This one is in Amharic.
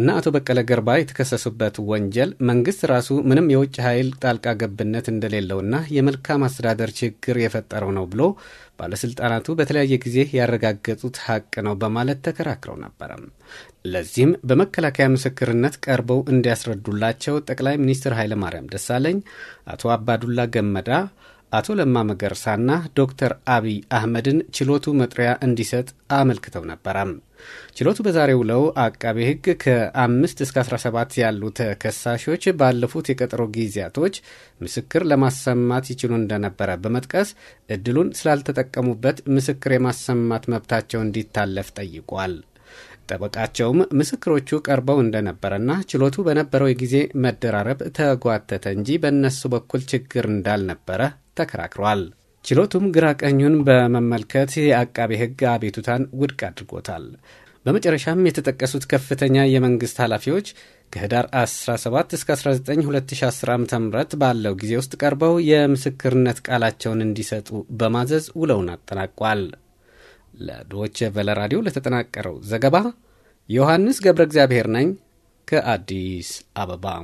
እና አቶ በቀለ ገርባ የተከሰሱበት ወንጀል መንግስት ራሱ ምንም የውጭ ኃይል ጣልቃ ገብነት እንደሌለውና የመልካም አስተዳደር ችግር የፈጠረው ነው ብሎ ባለስልጣናቱ በተለያየ ጊዜ ያረጋገጡት ሀቅ ነው በማለት ተከራክረው ነበረም። ለዚህም በመከላከያ ምስክርነት ቀርበው እንዲያስረዱላቸው ጠቅላይ ሚኒስትር ኃይለማርያም ደሳለኝ አቶ አባዱላ ገመዳ አቶ ለማ መገርሳና ዶክተር አብይ አህመድን ችሎቱ መጥሪያ እንዲሰጥ አመልክተው ነበረም። ችሎቱ በዛሬው ውለው አቃቤ ሕግ ከአምስት እስከ 17 ያሉ ተከሳሾች ባለፉት የቀጠሮ ጊዜያቶች ምስክር ለማሰማት ይችሉ እንደነበረ በመጥቀስ እድሉን ስላልተጠቀሙበት ምስክር የማሰማት መብታቸው እንዲታለፍ ጠይቋል። ጠበቃቸውም ምስክሮቹ ቀርበው እንደነበረና ችሎቱ በነበረው የጊዜ መደራረብ ተጓተተ እንጂ በእነሱ በኩል ችግር እንዳልነበረ ተከራክሯል። ችሎቱም ግራ ቀኙን በመመልከት የአቃቤ ሕግ አቤቱታን ውድቅ አድርጎታል። በመጨረሻም የተጠቀሱት ከፍተኛ የመንግሥት ኃላፊዎች ከህዳር 17 እስከ 19 2010 ዓ ም ባለው ጊዜ ውስጥ ቀርበው የምስክርነት ቃላቸውን እንዲሰጡ በማዘዝ ውለውን አጠናቋል። ለዶቼ ቨለ ራዲዮ ለተጠናቀረው ዘገባ ዮሐንስ ገብረ እግዚአብሔር ነኝ ከአዲስ አበባ